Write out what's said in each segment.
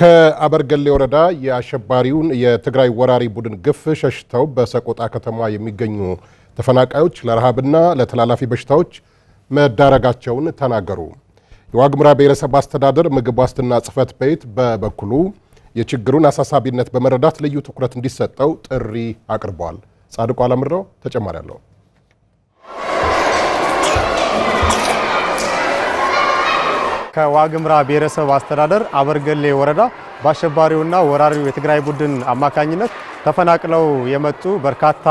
ከአበርገሌ ወረዳ የአሸባሪውን የትግራይ ወራሪ ቡድን ግፍ ሸሽተው በሰቆጣ ከተማ የሚገኙ ተፈናቃዮች ለረሃብና ለተላላፊ በሽታዎች መዳረጋቸውን ተናገሩ። የዋግምራ ብሔረሰብ አስተዳደር ምግብ ዋስትና ጽሕፈት ቤት በበኩሉ የችግሩን አሳሳቢነት በመረዳት ልዩ ትኩረት እንዲሰጠው ጥሪ አቅርበዋል። ጻድቁ አላምረው ተጨማሪ አለው። ከዋግምራ ብሔረሰብ አስተዳደር አበርገሌ ወረዳ በአሸባሪውና ወራሪው የትግራይ ቡድን አማካኝነት ተፈናቅለው የመጡ በርካታ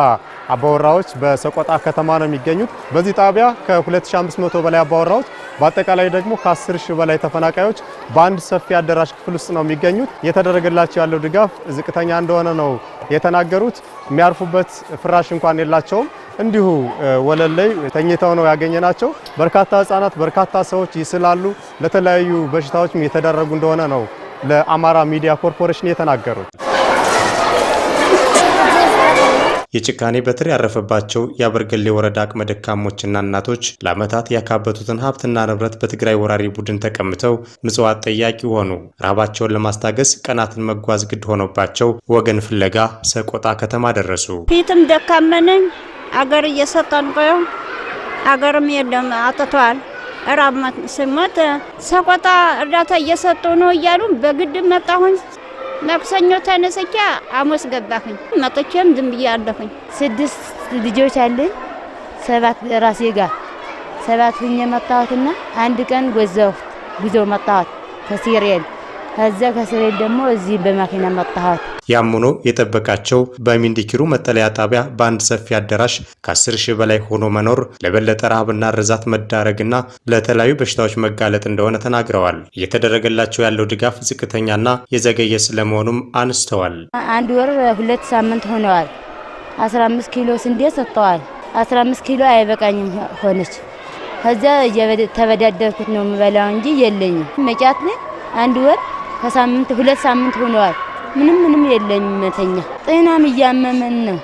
አባወራዎች በሰቆጣ ከተማ ነው የሚገኙት። በዚህ ጣቢያ ከ2500 በላይ አባወራዎች በአጠቃላይ ደግሞ ከ10 ሺህ በላይ ተፈናቃዮች በአንድ ሰፊ አዳራሽ ክፍል ውስጥ ነው የሚገኙት። እየተደረገላቸው ያለው ድጋፍ ዝቅተኛ እንደሆነ ነው የተናገሩት። የሚያርፉበት ፍራሽ እንኳን የላቸውም። እንዲሁ ወለል ላይ ተኝተው ነው ያገኘናቸው። በርካታ ህጻናት በርካታ ሰዎች ይስላሉ። ለተለያዩ በሽታዎችም የተደረጉ እንደሆነ ነው ለአማራ ሚዲያ ኮርፖሬሽን የተናገሩት። የጭካኔ በትር ያረፈባቸው የአበርገሌ ወረዳ አቅመ ደካሞችና እናቶች ለዓመታት ያካበቱትን ሀብትና ንብረት በትግራይ ወራሪ ቡድን ተቀምተው ምጽዋት ጠያቂ ሆኑ። ረሃባቸውን ለማስታገስ ቀናትን መጓዝ ግድ ሆኖባቸው ወገን ፍለጋ ሰቆጣ ከተማ ደረሱ። ፊትም ደካመነኝ አገር እየሰጠን ቆዩ አገርም የለም አጥተዋል። ራብ ስሞት ሰቆጣ እርዳታ እየሰጡ ነው እያሉ በግድ መጣሁን መክሰኞ ተነስቼ አሞስ ገባሁኝ። መጥቼም ዝም ብዬ አለሁኝ። ስድስት ልጆች አለኝ። ሰባት ራሴ ጋር ሰባት ሁኜ መጣሁትና አንድ ቀን ጎዛሁ ጉዞ መጣሁት ከሲሬል ከዛ ከሲሬል ደግሞ እዚህ በማኪና መጣሁት። ያም ሆኖ የጠበቃቸው በሚንዲኪሩ መጠለያ ጣቢያ በአንድ ሰፊ አዳራሽ ከ10 ሺህ በላይ ሆኖ መኖር ለበለጠ ረሃብና ርዛት መዳረግና ለተለያዩ በሽታዎች መጋለጥ እንደሆነ ተናግረዋል። እየተደረገላቸው ያለው ድጋፍ ዝቅተኛና የዘገየ ስለመሆኑም አንስተዋል። አንድ ወር ሁለት ሳምንት ሆነዋል። 15 ኪሎ ስንዴ ሰጥተዋል። 15 ኪሎ አይበቃኝም ሆነች። ከዛ እየተበዳደርኩት ነው የምበላው እንጂ የለኝም። መጫት አንድ ወር ከሳምንት ሁለት ሳምንት ሆነዋል። ምንም ምንም የለኝ መተኛ ጤናም እያመመን ነው።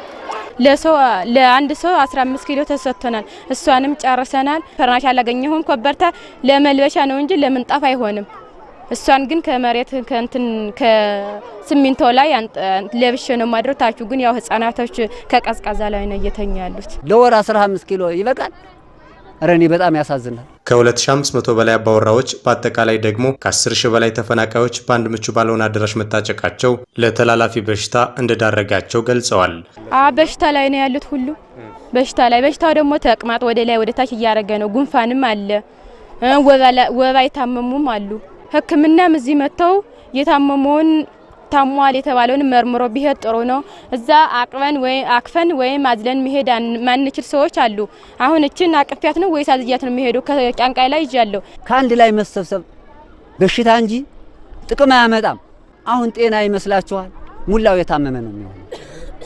ለሰው ለአንድ ሰው 15 ኪሎ ተሰጥቶናል። እሷንም ጨርሰናል። ፍራሽ አላገኘሁም። ኮበርታ ለመልበሻ ነው እንጂ ለምንጣፍ አይሆንም። እሷን ግን ከመሬት ከእንትን ከሲሚንቶ ላይ ለብሽ ነው የማድረው። ታችሁ ግን ያው ህጻናቶች ከቀዝቃዛ ላይ ነው እየተኛ ያሉት። ለወር 15 ኪሎ ይበቃል። ረኔ በጣም ያሳዝናል። ከ2500 በላይ አባወራዎች በአጠቃላይ ደግሞ ከ10000 በላይ ተፈናቃዮች በአንድ ምቹ ባልሆነ አዳራሽ መታጨቃቸው ለተላላፊ በሽታ እንደዳረጋቸው ገልጸዋል። በሽታ ላይ ነው ያሉት ሁሉ በሽታ ላይ በሽታው ደግሞ ተቅማጥ ወደ ላይ ወደ ታች እያደረገ ነው። ጉንፋንም አለ፣ ወባ የታመሙም አሉ። ሕክምናም እዚህ መጥተው የታመመውን ታሟል የተባለውን መርምሮ ቢሄድ ጥሩ ነው። እዛ አቅበን ወይ አክፈን ወይም አዝለን መሄድ ማንችል ሰዎች አሉ። አሁን እችን አቅፊያት ነው ወይስ አዝያት ነው የሚሄዱ? ከጫንቃይ ላይ ይዣለሁ። ከአንድ ላይ መሰብሰብ በሽታ እንጂ ጥቅም አያመጣም። አሁን ጤና ይመስላችኋል? ሙላው የታመመ ነው የሚሆነው።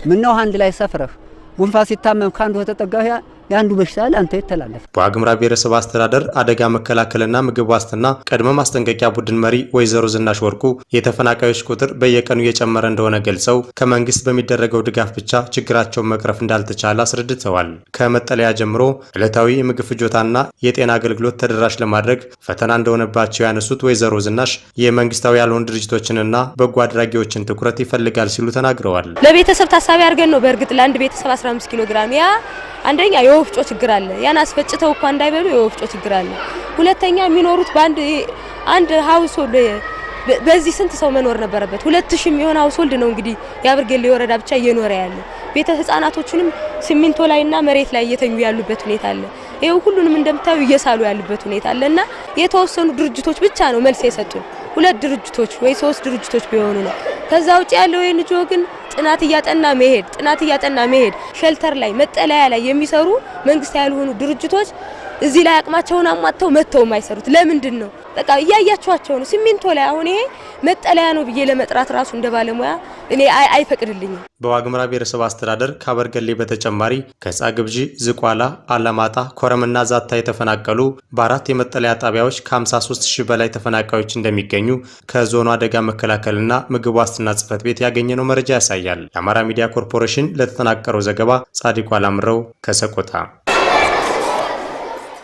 ምነው አንድ ላይ ሰፍረህ ጉንፋን ሲታመም ከአንዱ ተጠጋሁ የአንዱ በሽታ ለአንተ ይተላለፍ። በዋግምራ ብሔረሰብ አስተዳደር አደጋ መከላከልና ምግብ ዋስትና ቅድመ ማስጠንቀቂያ ቡድን መሪ ወይዘሮ ዝናሽ ወርቁ የተፈናቃዮች ቁጥር በየቀኑ እየጨመረ እንደሆነ ገልጸው ከመንግስት በሚደረገው ድጋፍ ብቻ ችግራቸውን መቅረፍ እንዳልተቻለ አስረድተዋል። ከመጠለያ ጀምሮ ዕለታዊ የምግብ ፍጆታና የጤና አገልግሎት ተደራሽ ለማድረግ ፈተና እንደሆነባቸው ያነሱት ወይዘሮ ዝናሽ የመንግስታዊ ያልሆኑ ድርጅቶችንና በጎ አድራጊዎችን ትኩረት ይፈልጋል ሲሉ ተናግረዋል። ለቤተሰብ ታሳቢ አድርገን ነው። በእርግጥ ለአንድ ቤተሰብ 15 ኪሎ ግራም ያ አንደኛ የወፍጮ ችግር አለ። ያን አስፈጭተው እንኳን እንዳይበሉ የወፍጮ ችግር አለ። ሁለተኛ የሚኖሩት በአንድ አንድ ሆልድ በዚህ ስንት ሰው መኖር ነበረበት? ሁለት ሺ የሚሆን ሆልድ ነው እንግዲህ የአብርጌሌ ወረዳ ብቻ እየኖረ ያለ ቤተ ህጻናቶችንም ሲሚንቶ ላይና መሬት ላይ እየተኙ ያሉበት ሁኔታ አለ። ይሄው ሁሉንም እንደምታዩ እየሳሉ ያሉበት ሁኔታ እና የተወሰኑ ድርጅቶች ብቻ ነው መልስ የሰጡን። ሁለት ድርጅቶች ወይ ሶስት ድርጅቶች ቢሆኑ ነው። ከዛ ውጭ ያለው የንጆ ግን ጥናት እያጠና መሄድ ጥናት እያጠና መሄድ ሸልተር ላይ መጠለያ ላይ የሚሰሩ መንግስታዊ ያልሆኑ ድርጅቶች እዚህ ላይ አቅማቸውን አሟጥተው መጥተው የማይሰሩት ለምንድን ነው? በቃ እያያችኋቸው ነው። ሲሚንቶ ላይ አሁን ይሄ መጠለያ ነው ብዬ ለመጥራት ራሱ እንደ ባለሙያ እኔ አይፈቅድልኝም። በዋግምራ ብሔረሰብ አስተዳደር ካበርገሌ በተጨማሪ ከጻግብጂ፣ ዝቋላ፣ አላማጣ፣ ኮረምና ዛታ የተፈናቀሉ በአራት የመጠለያ ጣቢያዎች ከ53 ሺህ በላይ ተፈናቃዮች እንደሚገኙ ከዞኑ አደጋ መከላከልና ምግብ ዋስትና ጽሕፈት ቤት ያገኘነው መረጃ ያሳያል። የአማራ ሚዲያ ኮርፖሬሽን ለተጠናቀረው ዘገባ ጻዲቋ ምረው ከሰቆጣ